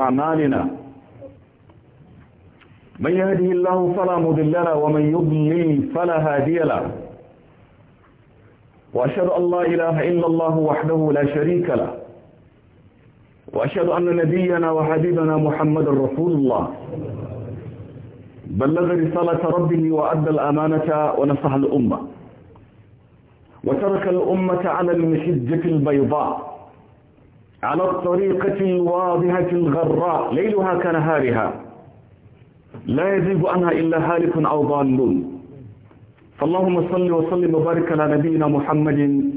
أعمالنا من يهده الله فلا مضل له ومن يضلل فلا هادي له وأشهد أن لا إله إلا الله وحده لا شريك له وأشهد أن نبينا وحبيبنا محمد رسول الله بلغ رسالة ربه وأدى الأمانة ونصح الأمة وترك الأمة على المحجة البيضاء على الطريقة الواضحة الغراء ليلها كنهارها لا يذيب عنها إلا هالك أو ضال فاللهم صل وسلم وبارك على نبينا محمد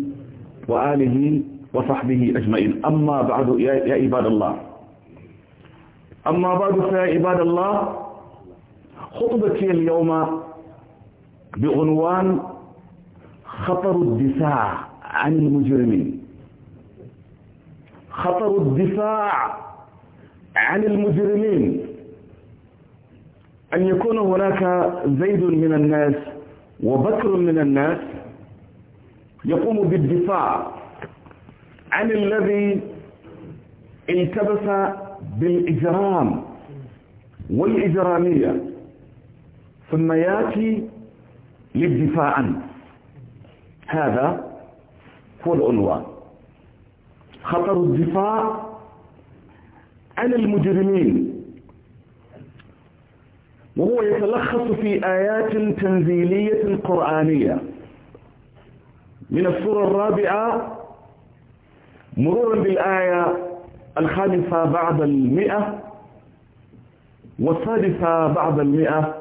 وآله وصحبه أجمعين أما بعد يا عباد الله أما بعد فيا عباد الله خطبتي اليوم بعنوان خطر الدفاع عن المجرمين خطر الدفاع عن المجرمين أن يكون هناك زيد من الناس وبكر من الناس يقوم بالدفاع عن الذي التبس بالإجرام والإجرامية ثم ياتي للدفاع عنه هذا هو العنوان خطر الدفاع عن المجرمين وهو يتلخص في آيات تنزيلية قرآنية من السورة الرابعة مرورا بالآية الخامسة بعد المئة والسادسة بعد المئة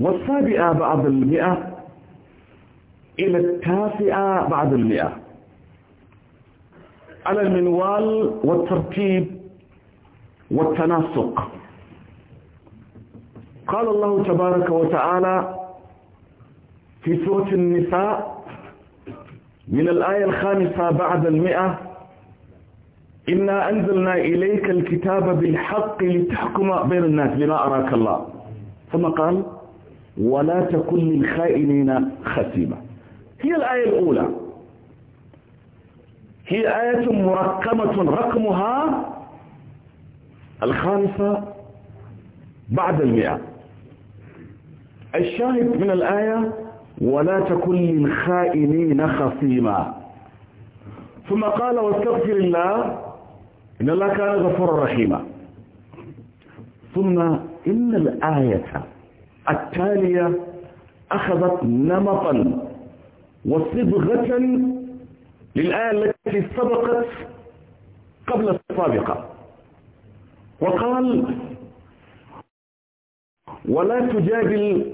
والسابعة بعد المئة إلى التاسعة بعد المئة على المنوال والترتيب والتناسق قال الله تبارك وتعالى في سورة النساء من الآية الخامسة بعد المئة إنا أنزلنا إليك الكتاب بالحق لتحكم بين الناس بما أراك الله ثم قال ولا تكن للخائنين خسيمة هي الآية الأولى هي آية مرقمة رقمها الخامسة بعد المئة الشاهد من الآية ولا تكن للخائنين خصيما ثم قال واستغفر الله إن الله كان غفورا رحيما ثم إن الآية التالية أخذت نمطا وصبغة للآية التي سبقت قبل السابقة وقال ولا تجادل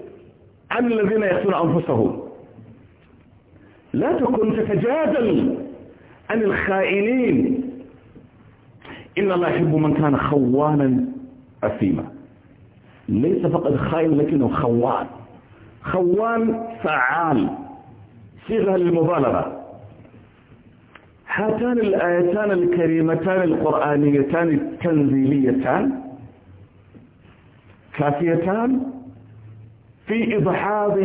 عن الذين يخسرون أنفسهم لا تكن تتجادل عن الخائنين إن الله يحب من كان خوانا أثيما ليس فقط خائن لكنه خوان خوان فعال صيغة للمبالغة هاتان الآيتان الكريمتان القرآنيتان التنزيليتان كافيتان في إضحاض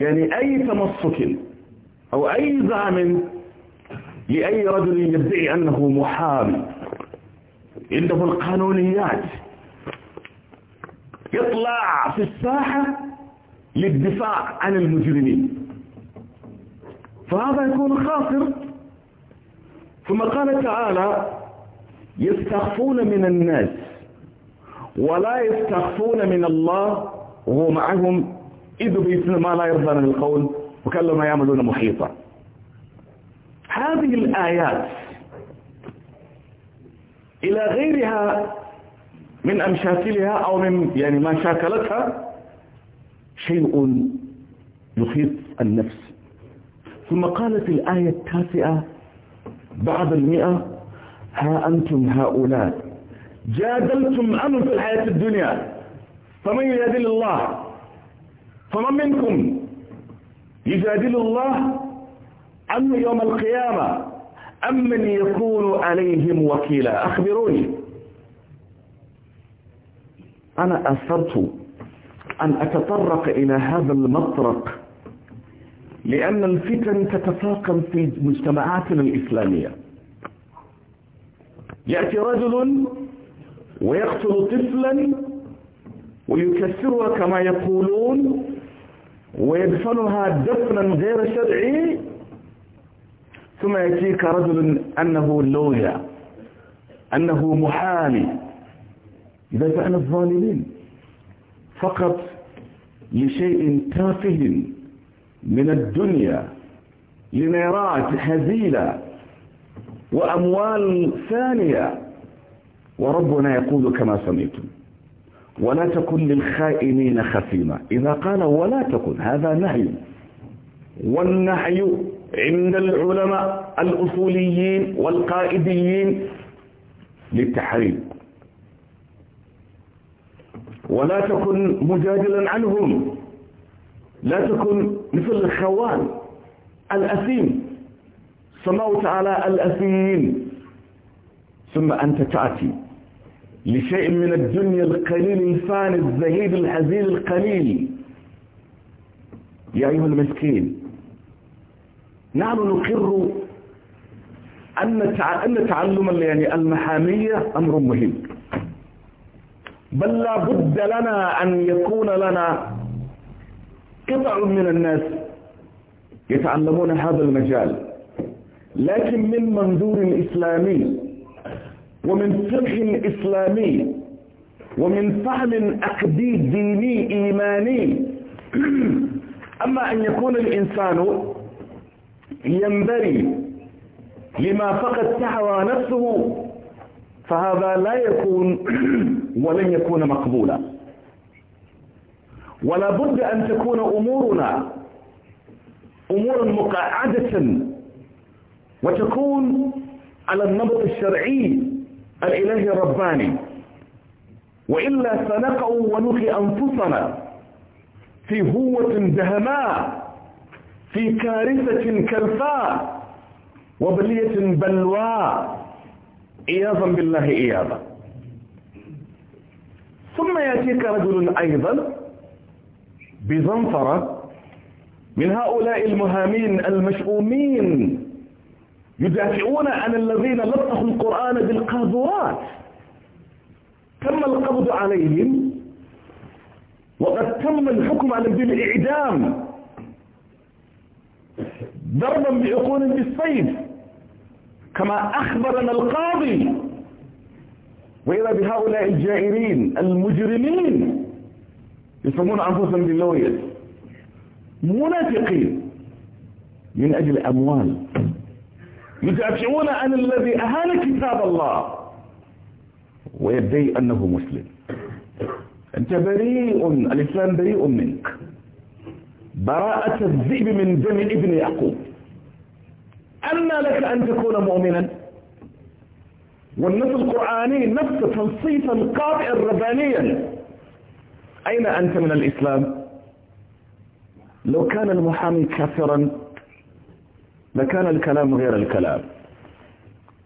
يعني أي تمسك أو أي زعم لأي رجل يدعي أنه محامي عنده القانونيات يطلع في الساحة للدفاع عن المجرمين فهذا يكون خاسر ثم قال تعالى يستخفون من الناس ولا يستخفون من الله وهو معهم إذ بيتنا ما لا يرضى من القول وكل ما يعملون محيطا هذه الآيات إلى غيرها من أمشاكلها أو من يعني ما شاكلتها شيء يخيط النفس ثم قالت الآية التاسعة بعض المئة ها أنتم هؤلاء جادلتم أمن في الحياة الدنيا فمن يجادل الله فمن منكم يجادل الله عنه يوم القيامة أم من يكون عليهم وكيلا أخبروني أنا أثرت أن أتطرق إلى هذا المطرق لأن الفتن تتفاقم في مجتمعاتنا الإسلامية يأتي رجل ويقتل طفلا ويكسرها كما يقولون ويدفنها دفنا غير شرعي ثم يأتيك رجل أنه لويا أنه محامي إذا فعل الظالمين فقط لشيء تافه من الدنيا لنيرات هزيلة وأموال ثانية وربنا يقول كما سمعتم ولا تكن للخائنين خسيما إذا قال ولا تكن هذا نهي والنهي عند العلماء الأصوليين والقائديين للتحريم ولا تكن مجادلا عنهم لا تكن مثل الخوان الأثيم سماه تعالى الأثيم ثم أنت تأتي لشيء من الدنيا القليل الفاني الزهيد الحزين القليل يا أيها المسكين نحن نقر أن تعلم يعني المحامية أمر مهم بل لا بد لنا أن يكون لنا قطع من الناس يتعلمون هذا المجال لكن من منظور إسلامي ومن فقه إسلامي ومن فهم عقدي ديني إيماني أما أن يكون الإنسان ينبري لما فقد تحوى نفسه فهذا لا يكون ولن يكون مقبولا ولا بد أن تكون أمورنا أمورا مقعدة وتكون على النمط الشرعي الإلهي الرباني وإلا سنقع ونخي أنفسنا في هوة دهماء في كارثة كلفاء وبلية بلواء عياذا بالله عياذا ثم يأتيك رجل أيضا بزنفرة من هؤلاء المهامين المشؤومين يدافعون عن الذين لطخوا القرآن بالقاذورات تم القبض عليهم وقد تم الحكم عليهم بالإعدام ضربا بعقول بالسيف كما أخبرنا القاضي وإذا بهؤلاء الجائرين المجرمين يسمون أنفسهم باللوية منافقين من أجل أموال يدافعون عن الذي أهان كتاب الله ويدعي أنه مسلم أنت بريء الإسلام بريء منك براءة الذئب من دم ابن يعقوب أما لك أن تكون مؤمنا والنص القرآني نفس تنصيفا قاطعا ربانيا أين أنت من الإسلام لو كان المحامي كافرا لكان الكلام غير الكلام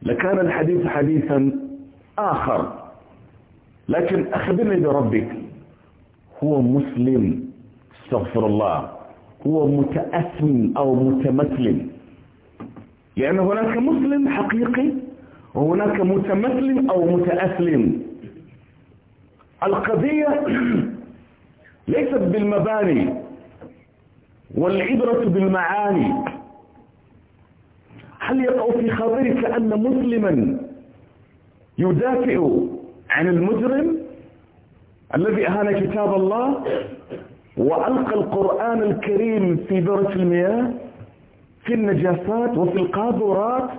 لكان الحديث حديثا آخر لكن أخبرني بربك هو مسلم استغفر الله هو متأثم أو متمثلم لأن يعني هناك مسلم حقيقي وهناك متمثل أو متأثلم القضية ليست بالمباني والعبرة بالمعاني هل يقع في خاطرك أن مسلما يدافع عن المجرم الذي أهان كتاب الله وألقى القرآن الكريم في ذرة المياه في النجاسات وفي القاذورات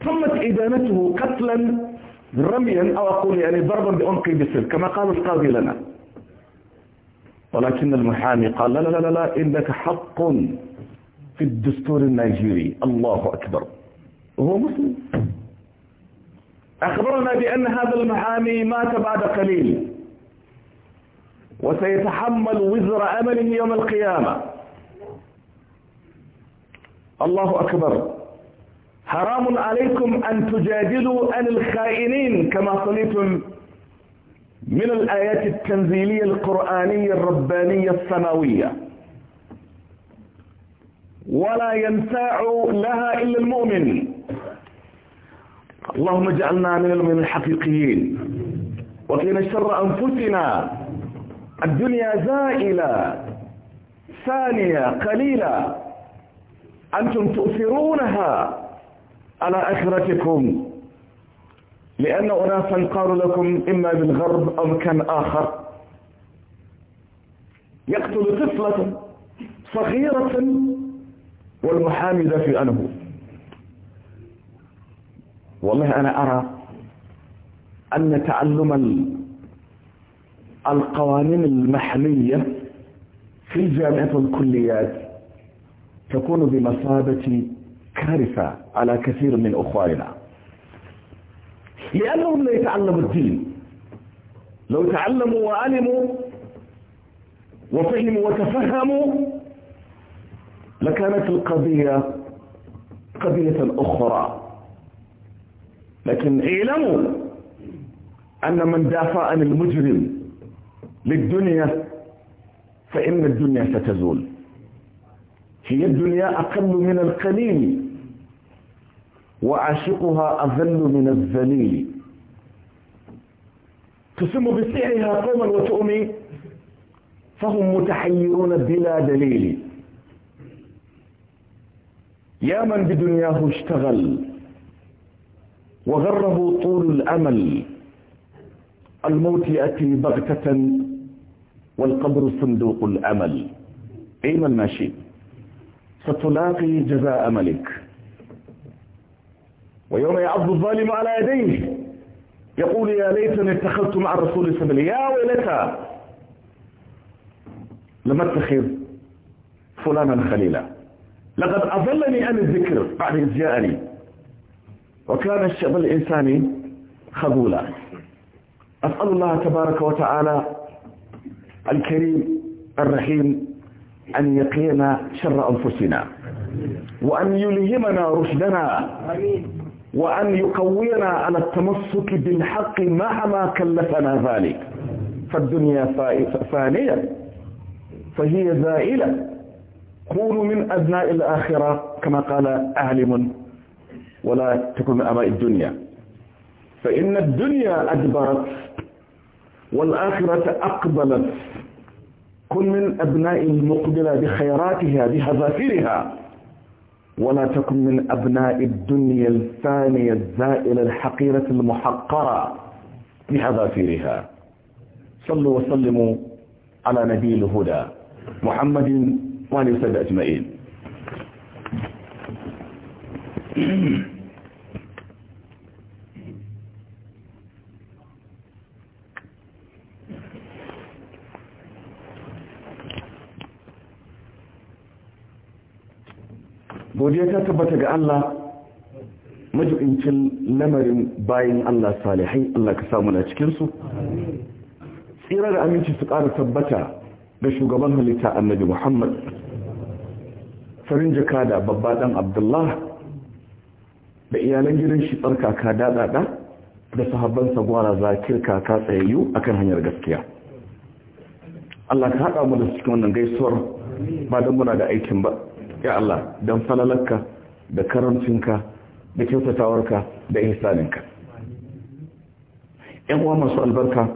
تمت إدانته قتلا رميا أو أقول يعني ضربا بعنقي بسر كما قال القاضي لنا ولكن المحامي قال لا لا لا لا إنك حق في الدستور النيجيري الله أكبر وهو مسلم أخبرنا بأن هذا المحامي مات بعد قليل وسيتحمل وزر أمله يوم القيامة الله أكبر حرام عليكم أن تجادلوا عن الخائنين كما صنيتم من الآيات التنزيلية القرآنية الربانية السماوية ولا ينفع لها إلا المؤمن اللهم اجعلنا من المؤمنين الحقيقيين وقينا شر أنفسنا الدنيا زائلة ثانية قليلة أنتم تؤثرونها على آخرتكم لأن أناسا قالوا لكم إما بالغرب أو كان آخر يقتل طفلة صغيرة والمحامدة في أنه والله أنا أرى أن تعلم القوانين المحلية في الجامعة والكليات تكون بمثابة كارثة على كثير من أخواننا لأنهم لا يتعلموا الدين لو تعلموا وعلموا وفهموا وتفهموا لكانت القضية قضية أخرى لكن اعلموا أن من دافع عن المجرم للدنيا فإن الدنيا ستزول هي الدنيا أقل من القليل وعاشقها أذل من الذليل تسم بسعرها قوما وتؤمي فهم متحيرون بلا دليل يا من بدنياه اشتغل وغره طول الأمل الموت يأتي بغتة والقبر صندوق الأمل ايما ماشي ستلاقي جزاء ملك ويوم يعض الظالم على يديه يقول يا ليتني اتخذت مع الرسول سبيلا يا ويلتا لم اتخذ فلانا خليلا لقد أضلني عن الذكر بعد إذ جاءني وكان الشعب الإنساني خذولا أسأل الله تبارك وتعالى الكريم الرحيم أن يقينا شر أنفسنا وأن يلهمنا رشدنا وأن يقوينا على التمسك بالحق مهما كلفنا ذلك فالدنيا فانية فهي زائلة كونوا من أبناء الآخرة كما قال عالم ولا تكن من أباء الدنيا فإن الدنيا أدبرت والآخرة أقبلت كن من أبناء المقبلة بخيراتها بهزافرها ولا تكن من أبناء الدنيا الفانية الزائلة الحقيرة المحقرة بحذافيرها صلوا وسلموا على نبي الهدى محمد وعلى وسلم أجمعين godiya ta tabbata ga Allah majibincin lamarin bayan Allah salihai Allah ka samu na cikinsu tsira da aminci su ƙara tabbata da shugaban halitta annabi Muhammad farin jakada babba ɗan Abdullah da iyalan gidan shi tsarkaka daɗaɗa da sahabbansa gwara zakir kaka tsayayyu akan hanyar gaskiya Allah ka haɗa mu da cikin wannan gaisuwar ba don muna da aikin ba ya Allah don falalarka da karancinka da kyautatawarka da ihsaninka yan uwa masu albarka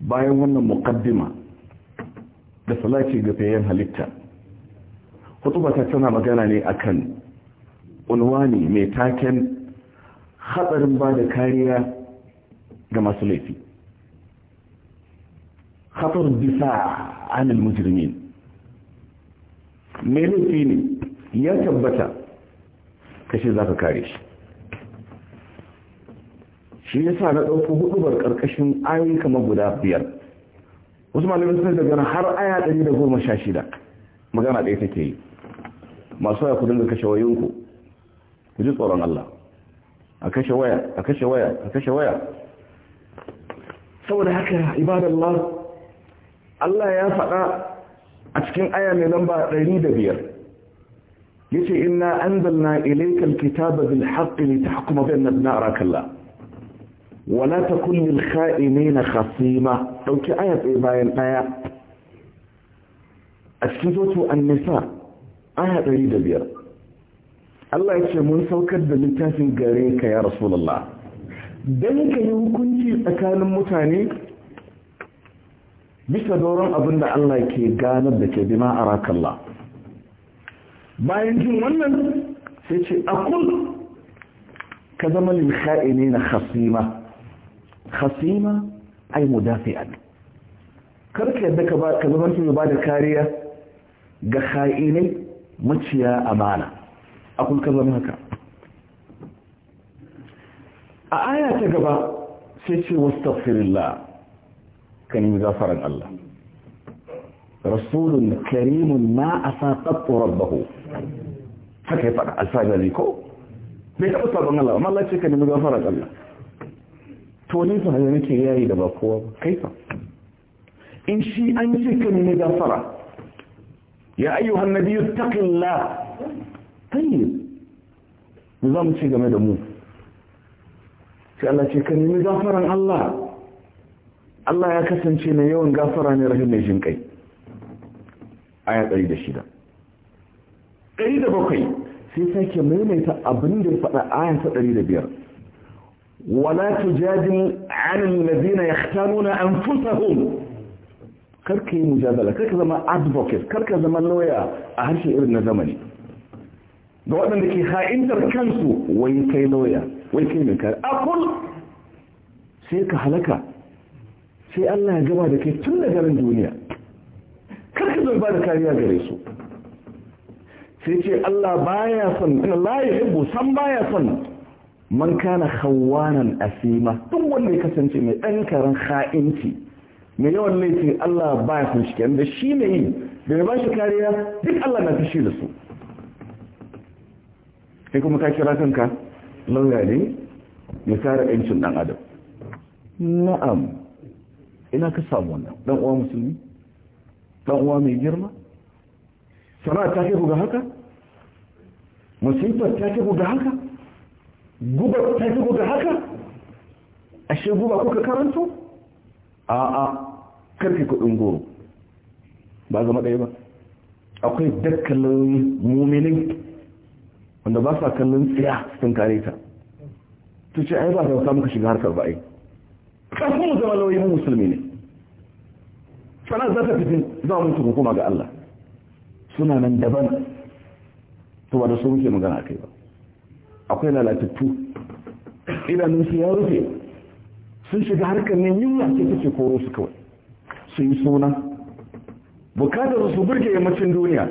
bayan wannan muqaddima da salati ga fayyan halitta hutubata tana magana ne akan unwani mai taken hatsarin ba da kariya ga masu laifi hatsarin bisa anil mujrimin mai laifi ne ya tabbata kashe za ka kare shi shi ya sa na ɗauko hudubar ƙarƙashin ayoyi kamar guda biyar wasu malamin sun daga har aya ɗari da goma sha shida magana ɗaya take yi masu waya ku dinga kashe wayoyinku ku ji tsoron Allah a kashe waya a kashe waya a kashe waya saboda haka ibadallah Allah ya faɗa a cikin aya mai lamba 105 yace inna anzalna ilayka alkitaba bil haqqi litahkuma bayna abna'akallah wala takun lil kha'inina khasima dauki aya tsaye bayan daya a cikin zoto an-nisa aya 105 Allah yace mun saukar da littafin gare ka ya rasulullah dan ka yi hukunci tsakanin mutane bisa doron abin da Allah ke ganar da ke bima a rakalla bayan jin wannan sai ce akul ka zama lilkha'ini na hasima hasima ai mudafi'an karka yadda ka zama su ba da kariya ga kha'inai maciya amana akul ka zama haka a aya ta gaba sai ce wasu la'a. ka nemi gafaran Allah rasulun karimun ma a sa tsatsu rabbahu haka ya faɗa alfajari ko bai taɓa sabon Allah amma Allah ce ka nemi gafaran Allah to ni su hanyar nake yayi da ba kowa ba kai fa in shi an ce ka nemi gafara ya ayyuhan nabiyyu taqillah tayyib mu za mu ci game da mu sai Allah ce ka nemi gafaran Allah Allah ya kasance mai yawan gafara ne rahim mai jin kai aya 106 107 sai sake maimaita abin da ya faɗa aya ta 105 wala tujadil 'anil ladina yahtanuna anfusahum karka yi mujadala karka zama advocate karka zama lawyer a harshe irin na zamani ga waɗanda ke ha'intar kansu wai kai lawyer wai kai mai kare akul sai ka halaka sai Allah ya gaba da kai tun da garin duniya karka ka ba da kariya gare su sai ce Allah baya son ina la hibbu san baya son man kana khawanan asima duk wanda ya kasance mai dan karan kha'inci mai yawan laifin Allah baya son shi da shi ne yi da ba shi kariya duk Allah na fishi da su kai kuma ka kira kanka lauya ne ya kare 'yancin dan adam na'am ina ka samu wannan dan uwa musulmi dan uwa mai girma sana'a ta kai ga haka musibar ta kai ga haka guba ta kai ga haka ashe guba kuka karanto a a karfi kudin goro ba zama ɗaya ba akwai dakkalin muminin wanda ba sa kallon tsaya sun kare ta tuce ai ba ta ka shiga harkar ba ai kafin mu zama lauyin mu musulmi ne sana za ta fitin za mu mutu kuma ga Allah suna nan daban to ba da su muke magana kai ba akwai lalatattu idanunsu ya rufe sun shiga harkar ne yunwa ce take koro su kawai su yi suna bukatar su burge yammacin duniya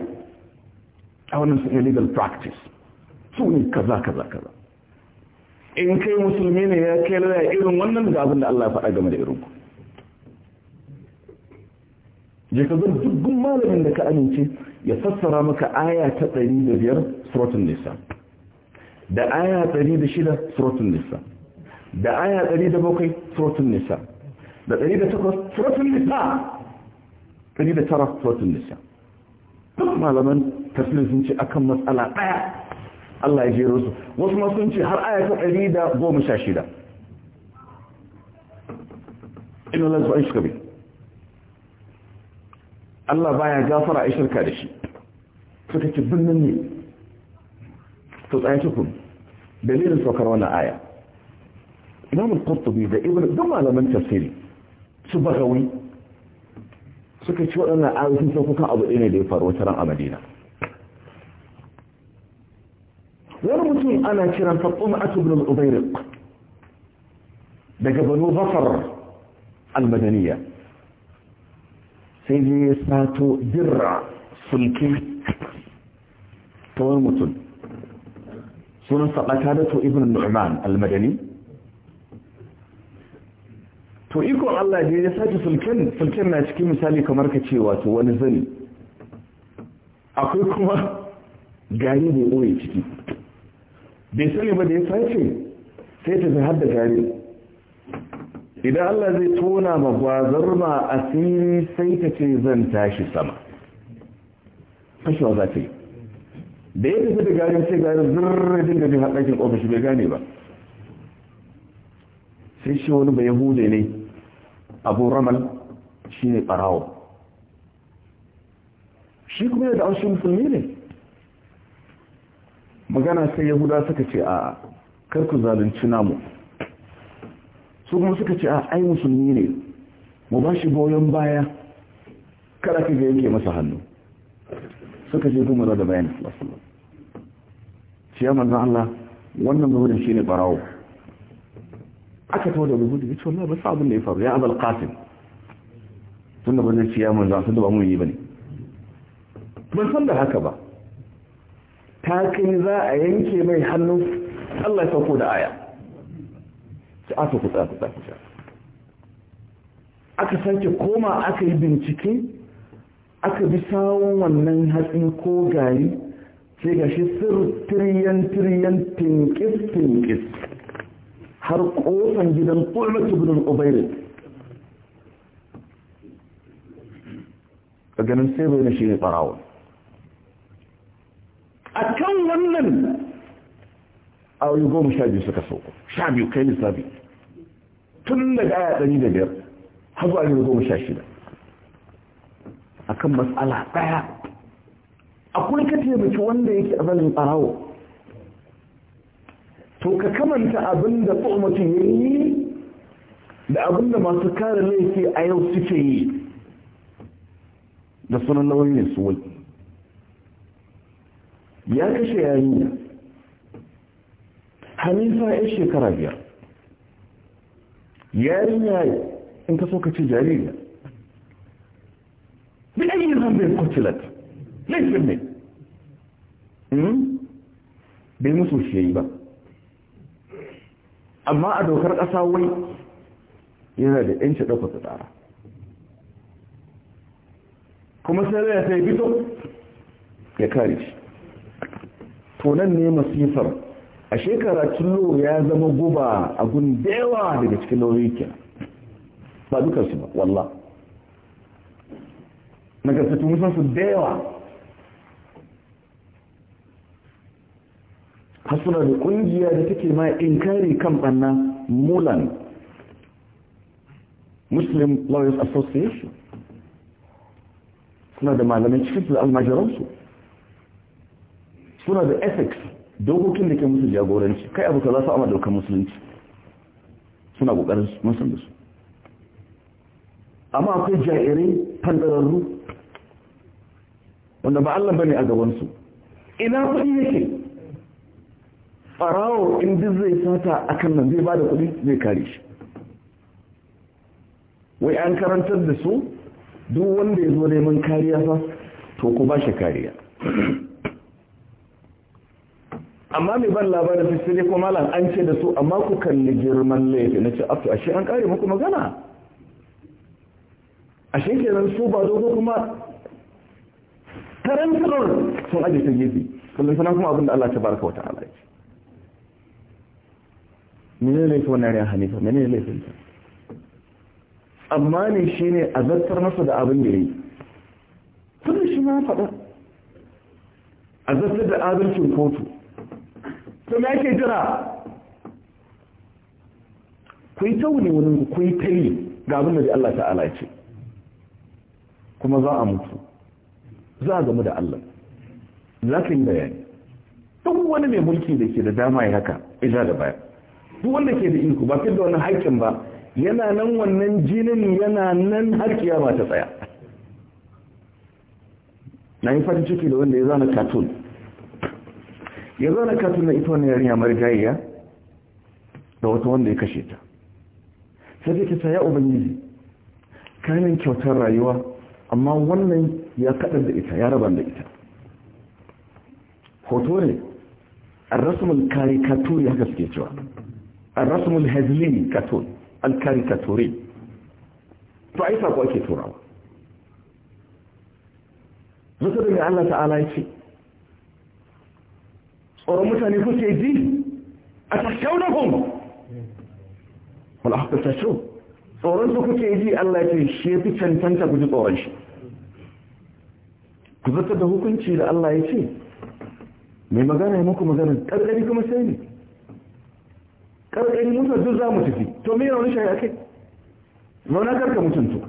a wannan su illegal practice su ne kaza kaza kaza in kai musulmi ne ya kai laya irin wannan da abin da Allah faɗa game da irin ku je ka zan dubbin malamin da ka amince ya sassara maka aya ta 105 suratul nisa da aya 106 suratul nisa da aya 107 suratul nisa da 108 suratul nisa 109 suratul nisa duk malaman tafiye sun ce akan matsala ɗaya. Allah ya jero su wasu masu sun ce har aya ta 116 inna la yushka bi Allah baya gafara a shirka da shi suka ce binnan ne to tsaye tukun dalilin saukar wani aya Imam al-Qurtubi da Ibn don malaman tafsiri su bagawi suka ci waɗannan ayoyin sun sauka abu ɗaya ne da ya faru wata a Madina wani mutum ana kiran fatima ibn al-ubayriq daga banu zafar al-madaniya sai ya sato dirra sulki ta wani mutum sunan saɓata da to ibn nu'man al-madani to ikon Allah da ya sace sulkin? Sulkin na cikin misali kamar ka ce wato wani zani akwai kuma gari da ya ɓoye ciki bai sani ba da ya sace sai ta har da gari idan Allah zai tona ma gwazar ma asiri sai ta ce zan tashi sama fashewa za ta yi da ya tafi da garin sai garin zirrajin da bin haɗakin ofishi bai gane ba sai shi wani bai yahude ne abu ramal shi ne ɓarawo shi kuma da an shi musulmi ne magana sai yahuda suka ce a karku zalunci namu su kuma suka ce a ai musulmi ne mu ba shi goyon baya kada ka ga yake masa hannu suka ce kuma da bayan sallallahu ciya manzan Allah wannan zuhudin shi ne barawo aka tawo da zuhudin ya ce wallah ba sa abin da ya faru ya abal qasim tun da ba zai ciya manzan sun da ba mun yi ba ne ban san da haka ba ta kai za a yanke mai hannu Allah ya sauko da aya ta aka kusa kutsa kusa aka sake koma aka yi bincike aka bi sawon wannan hatsi ko gari sai ga shi sir tiriyan tiriyan tinkis tinkis har ƙofan gidan kulmatu gudun obere a ganin sai bai na shi ne farawon a kan wannan a wani goma sha biyu suka sauko sha biyu kai lissafi tun daga aya ɗari da biyar har zuwa ne goma sha shida a kan matsala ɗaya akwai ka taimaki wanda yake a zanen tsarawo to ka kamanta abin da mutum ya yi da abin da masu kare laifi a yau suke yi da sunan lauyoyin su wani. ya kashe yarinya hanifa ya shekara biyar yarinya in ka so ka ce jaririya bi ayi zambin kutilat laifin ne hmm? bai musu shi yi ba amma a dokar ƙasa wai yana da yanci ɗauka su tsara kuma sai ya sai fito ya kare shi to nan ne masifar a shekara tullo ya zama guba a gundewa daga cikin lauyoyi kenan ba dukansu ba wallah nagartattu musan su da hasuna da kungiya da take ma inkari kan banna mulan muslim lawyers association suna da malamai cikin su almajiransu suna da ethics dokokin da ke musu jagoranci kai abu za su amma dokar musulunci suna kokarin musulun da su amma akwai jairai fandararru wanda ba Allah bane a gabansu. ina kuɗi yake farawo in zai sata kan nan zai bada kuɗi zai kare shi wai an karantar da su duk wanda ya zo neman kariya ba to ku ba shi kariya amma mai ban labarin su sai kuma malam an ce da su amma ku kalli girman laifi na ce afto ashe an kare muku magana ashe kenan su ba dogo kuma tarantar sun aje ta gefe kullum sana kuma abinda Allah ta baraka wata ala ce menene laifi wannan ran hanifa menene laifin ta amma ne shine a zartar masa da abin da yayi tun shi ma faɗa a zartar da adalcin kotu to me yake jira ku yi tauni wani ku yi tayi ga abin da Allah ta'ala ce kuma za a mutu za a gamu da Allah za ka yi bayani duk wani mai mulki da ke da dama ya haka ija da baya duk wanda ke da iko ba da wani haƙƙin ba yana nan wannan jinin yana nan harkiya ba ta tsaya na yi farin ciki da wanda ya zana katun ya zauna na tuna ita wani yarinya marigayiya da wata wanda ya kashe ta sai ta ta ya ubangiji kayan kyautar rayuwa amma wannan ya kaɗar da ita ya rabar da ita hoto ne arrasumul karikaturi haka suke cewa arrasumul hezlin katon alkarikaturi to ai sako ake turawa zuka da Allah ta'ala ya ce tsoron mutane kuke ji a na tashaunahum wala haka tasho tsoron su kuke ji Allah ya ce shi ya fi cancanta ku ji tsoron shi ku zata da hukunci da Allah ya ce mai magana ya muku magana ƙarƙari kuma sai ne ƙarƙari mutu duk za mu tafi to me wani shayi akai zauna karka mutuntu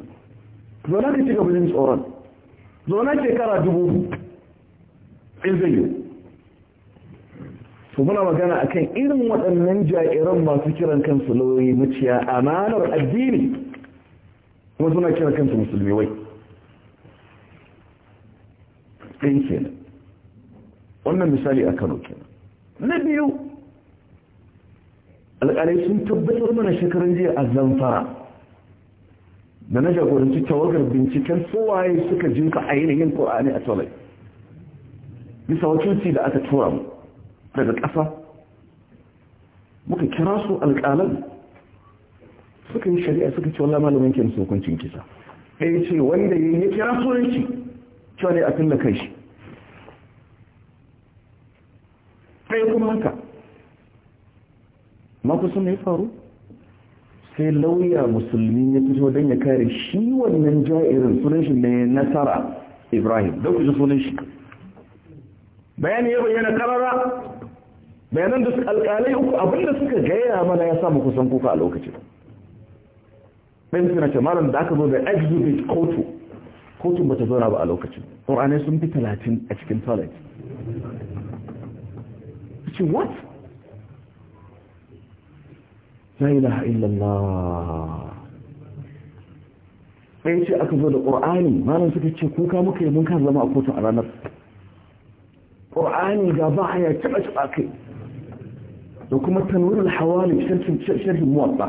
zauna ka ci gaba jin tsoron zauna shekara dubu in zai yi? to muna magana akan irin waɗannan jairan masu kiran kansu maciya a amanar addini kuma suna kiran kansu musulmi wai ɗin kenan wannan misali a kano kenan na biyu alƙalai sun tabbatar mana shekarun jiya a zamfara da na jagoranci tawagar binciken tsawaye suka jinka ainihin ƙorani a tsawai bisa wakilci da aka tura mu daga ƙasa muka kira su alƙalan suka yi shari'a suka ce wallah malamin ke musu hukuncin kisa ɗaya ce wanda ya kira sunan shi cewa ne a kulla kai shi ɗaya kuma haka ma suna ya faru sai lauya musulmi ya fito don ya kare shi wannan ja'irin sunan shi ne nasara ibrahim don ku kusa sunan shi bayani ya bayyana karara bayanan da suka alƙalai uku abinda suka gaya mana ya samu kusan kuka a lokacin. ɗin suna ce malam da aka zo da exhibit kotu kotun ba ta zauna ba a lokacin ƙoranai sun fi talatin a cikin toilet ce what la ilaha illallah ɗaya ce aka zo da ƙorani malam suka ce kuka muka yi mun kan zama a kotun a ranar ƙorani ga ba a ya taɓa taɓa kai da kuma al hawali sharhin muwatta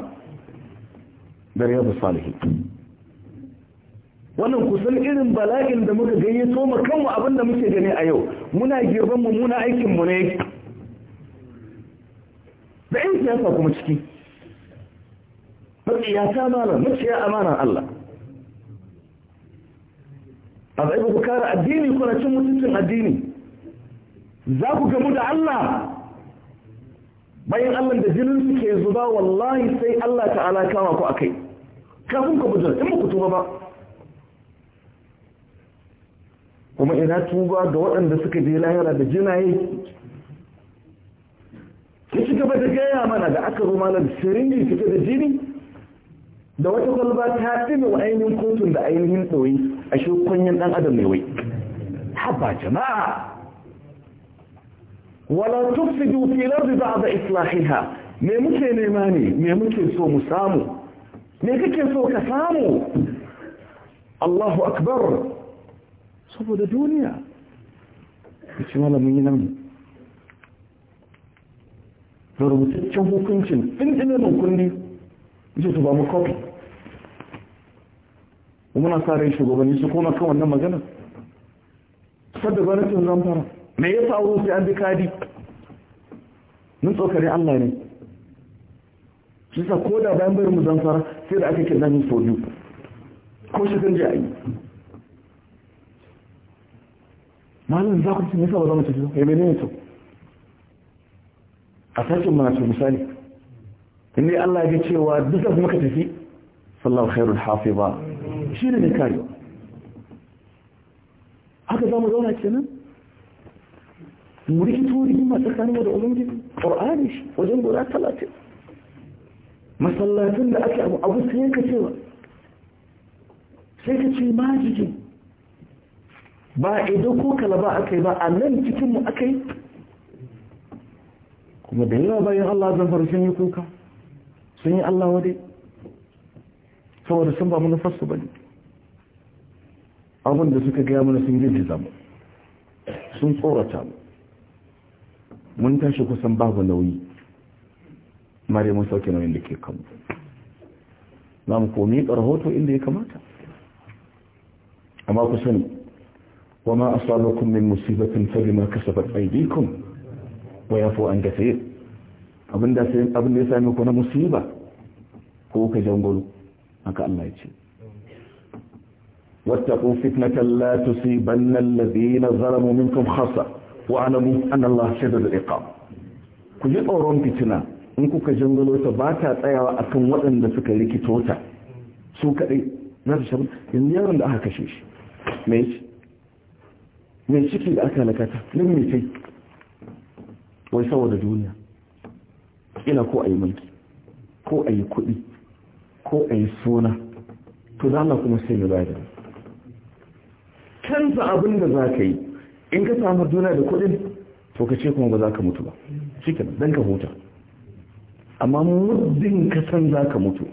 da riyadu salihin wannan kusan irin bala'in da muka to mu kanmu abinda muke gani a yau muna girban mu muna aikin mu ne da in yan siyasa kuma ciki ta malam maciya amanan Allah a zai ku kare addini kuna cin mutuncin addini za ku gamu da Allah bayan Allah da jinin su ke zuba wallahi sai Allah ta'ala kama ku akai kafin ku bujur in ku tuba ba kuma ina tuba ga waɗanda suka je lahira da jinaye ki ci gaba da gaya mana da aka zo malar sirinji kike da jini da wata kwalba ta ɗime wa ainihin kotun da ainihin ɗoyi a shi kunyan ɗan adam ne wai haba jama'a wala tufsidu fil ardi ba'da islahiha me muke nema ne me muke so mu samu me kake so ka samu Allahu akbar saboda duniya kace malamin yana da rubutaccen hukuncin ɗinɗinin kundi yace to ba mu kofi muna sa rai shugabanni su koma kan wannan magana sadda gwamnatin zamfara me ya sa faru sai an bi kadi mun tsokari Allah ne shi sa ko da bayan bayar mu zamfara sai da aka kira ni so biyu ko shi kan ji a yi malin za ku ci nisa ba za mu tafi ya eh, mene ne to a sashen mana ce misali inda Allah ya ga cewa duk da muka tafi sallahu khairul hafi ba shi ne ne kare haka za mu zauna kenan murintu masu tsakanin da ubangiji ƙor'ani shi wajen guda talatin Masallatun da ake abu abu sai ka cewa sai ka ce majijin ba ido ko kalaba aka yi ba a nan cikinmu aka yi kuma da yawa bayan Allah zan faru sun yi kuka sun yi Allah wade saboda sun ba fasu ba ne abinda suka gaya mana sun girgiza mu sun tsorata mu mun tashi kusan babu nauyi mare mun sauke nauyin da ke kanmu za mu komi rahoto inda ya kamata amma ku sani wama asabakum min musibatin fa bima kasabat aydikum wa fo an kathir abinda sai abinda ya sami ku na musiba ko ka jangolo haka Allah ya ce wattaqu fitnatan la tusibanna alladhina zalamu minkum khassa wa alamu an Allah shaidar iqam ku ji tsoron fitina in kuka jangalo ta ba ta tsayawa akan waɗanda suka rikito ta su kaɗai na su shabu yanzu yaron da aka kashe shi mai ciki da aka lakata nan mai sai wai saboda duniya ina ko a yi mulki ko a yi kuɗi ko a yi suna to za kuma sai mu bayar canza abin da za ka yi in ka samu duniya da kuɗin to ka ce kuma ba za ka mutu ba cikin don ka huta amma muddin ka san za ka mutu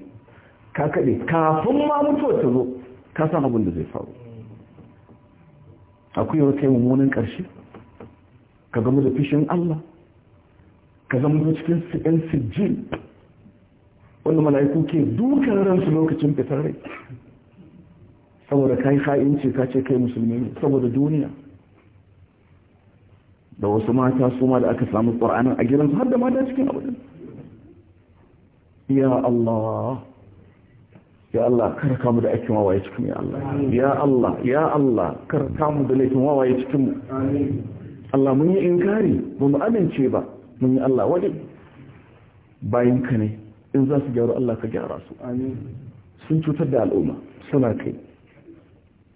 ka kaɗe kafin ma mutuwar ta zo ka san abin da zai faru akwai wata mummunan ƙarshe ka gamu da fishin Allah ka zama da cikin yan sijil wanda mala'iku ke dukan ransu lokacin fitar rai saboda kai ha'inci ka ce kai musulmi saboda duniya da wasu mata su ma da aka samu ƙwar'anin a gidansu har da mata cikin abin ya Allah ya Allah kar kamu da aikin wawaye cikin ya Allah ya Allah ya Allah kar kamu da laifin wawaye cikin Allah mun yi inkari ba mu amince ba mun yi Allah wani bayan ka ne in za su gyaru Allah ka gyara su sun cutar da al'umma suna kai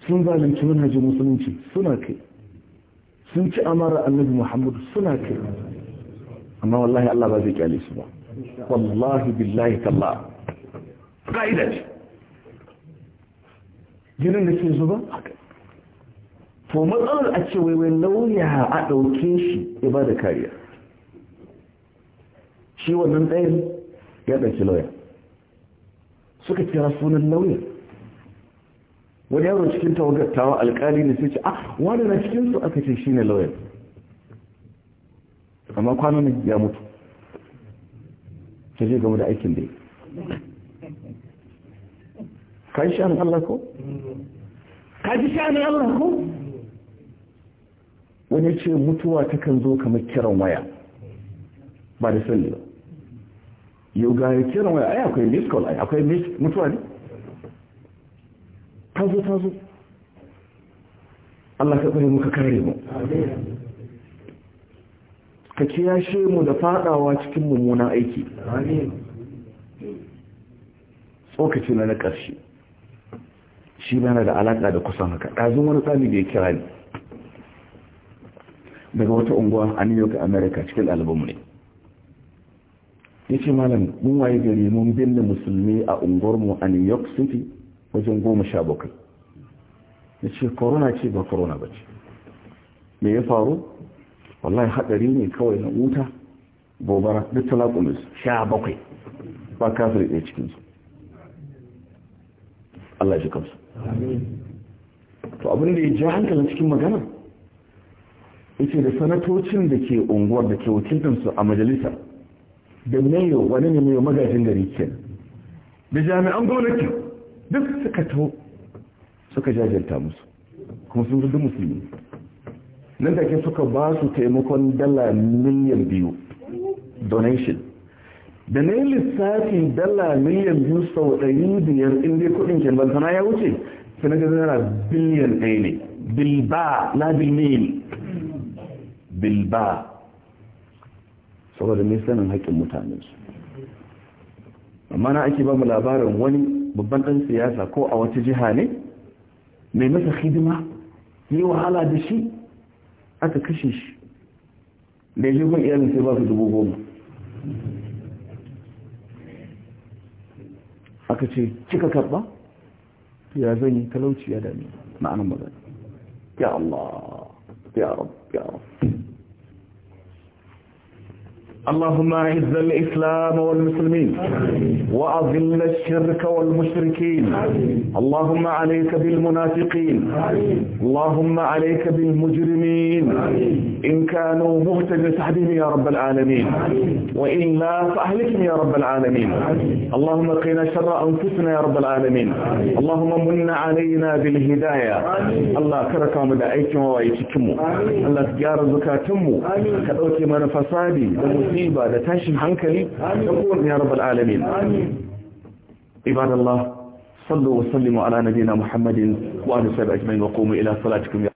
sun zalunci manhajin musulunci suna kai sun ci amara annabi muhammadu suna kai amma wallahi Allah ba zai kyale su ba wallahi billahi talla ka'ida ce ginin da ke zuba to matsalar a ce waiwai lauya a ɗauke shi ya ba da kariya shi wannan ɗayan ya ɗauki lauya suka kira sunan lauyan wani yaro cikin tawagattawa alkali ne sai ce a ah, wani na cikinsu aka ce shi ne lawyer amma kwanan ya mutu sai zai da aikin da ka yi sha'anin Allah ko? ka ji sha'anin Allah ko? wani ce mutuwa ta kan zo kamar kiran waya ba da sani ba yau ga kiran waya ai akwai miss call ai akwai miss mutuwa ne tazo zo ta Allah ka tsare muka kare mu ka kiyashe mu da fadawa cikin mummunan aiki tsokaci na na ƙarshe shi bana da alaƙa da kusan haka ɗazin wani tsami da ya kira ne daga wata unguwa a new york america cikin albamu ne ya ce malam mun waye gari mun binne musulmi a unguwarmu a new york city wajen goma sha bakwai ya ce corona ce ba korona ba ce me ya faru wallahi haɗari ne kawai na wuta gobara da talakulis sha bakwai ba kafin ɗaya cikinsu Allah shi kansu to abin da ya ji hankalin cikin magana yake da sanatocin da ke unguwar da ke wakiltansu a majalisa da mayo wani ne mayo magajin gari ke da jami'an gwamnati duk suka taho suka jajanta musu kuma sun zubi musulmi nan ke suka ba su taimakon dala miliyan biyu donation da na yi lissafi dala miliyan biyu sau ɗari biyar inda kuɗin kyanbantana ya wuce sai na gazara biliyan ɗaya ne bilba na bilmil bilba saboda nisanin sanin haƙƙin mutanensu amma na ake ba mu labarin wani babban ɗan siyasa ko a wata jiha ne mai masa hidima yi wahala da shi aka kashe shi da yi gun iyalin sai ba su dubu goma aka ce kika karɓa ya zan yi talauci ya dami ma'anin zai ya Allah ya rabu ya rabu اللهم اعز الإسلام والمسلمين وأذل الشرك والمشركين اللهم عليك بالمنافقين اللهم عليك بالمجرمين إن كانوا مهتد تحديهم يا رب العالمين وإن لا فأهلكهم يا رب العالمين اللهم قنا شر أنفسنا يا رب العالمين اللهم من علينا بالهداية الله كركم مدعيكم وايتكم الله تجار زكاتم كدوكي من فسادي ba da tashin hankali da kowane ya rabbal alamin ibadallah sallu wa sallimu ala nabiyina muhammadin wa alihi wa sahbihi ajma'in wa qumu ila salatikum